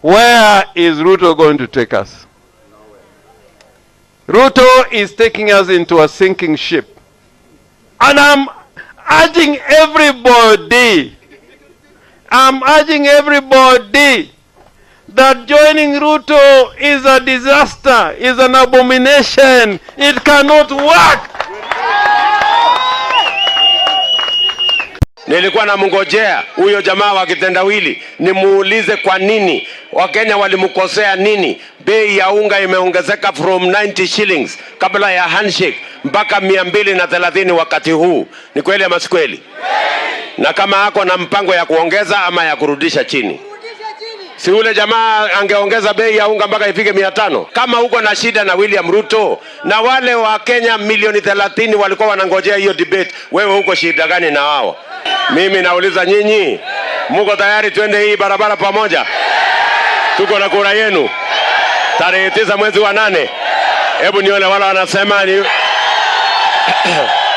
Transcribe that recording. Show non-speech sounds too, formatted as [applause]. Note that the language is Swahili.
Where is Ruto going to take us? Ruto is taking us into a sinking ship. And I'm urging everybody, I'm urging everybody that joining Ruto is a disaster, is an abomination. It cannot work. Nilikuwa namngojea huyo jamaa wa kitendawili nimuulize kwa nini Wakenya walimkosea nini? Bei ya unga imeongezeka from 90 shillings kabla ya handshake mpaka mia mbili na thelathini wakati huu. Ni kweli ama si kweli? Na kama ako na mpango ya kuongeza ama ya kurudisha chini si ule jamaa angeongeza bei ya unga mpaka ifike mia tano kama huko na shida na William Ruto na wale wa Kenya milioni thelathini walikuwa wanangojea hiyo debate, wewe huko shida gani na wao? Mimi nauliza nyinyi, muko tayari twende hii barabara pamoja? Tuko na kura yenu tarehe tisa mwezi wa nane. Hebu nione wala wanasema ni [clears throat]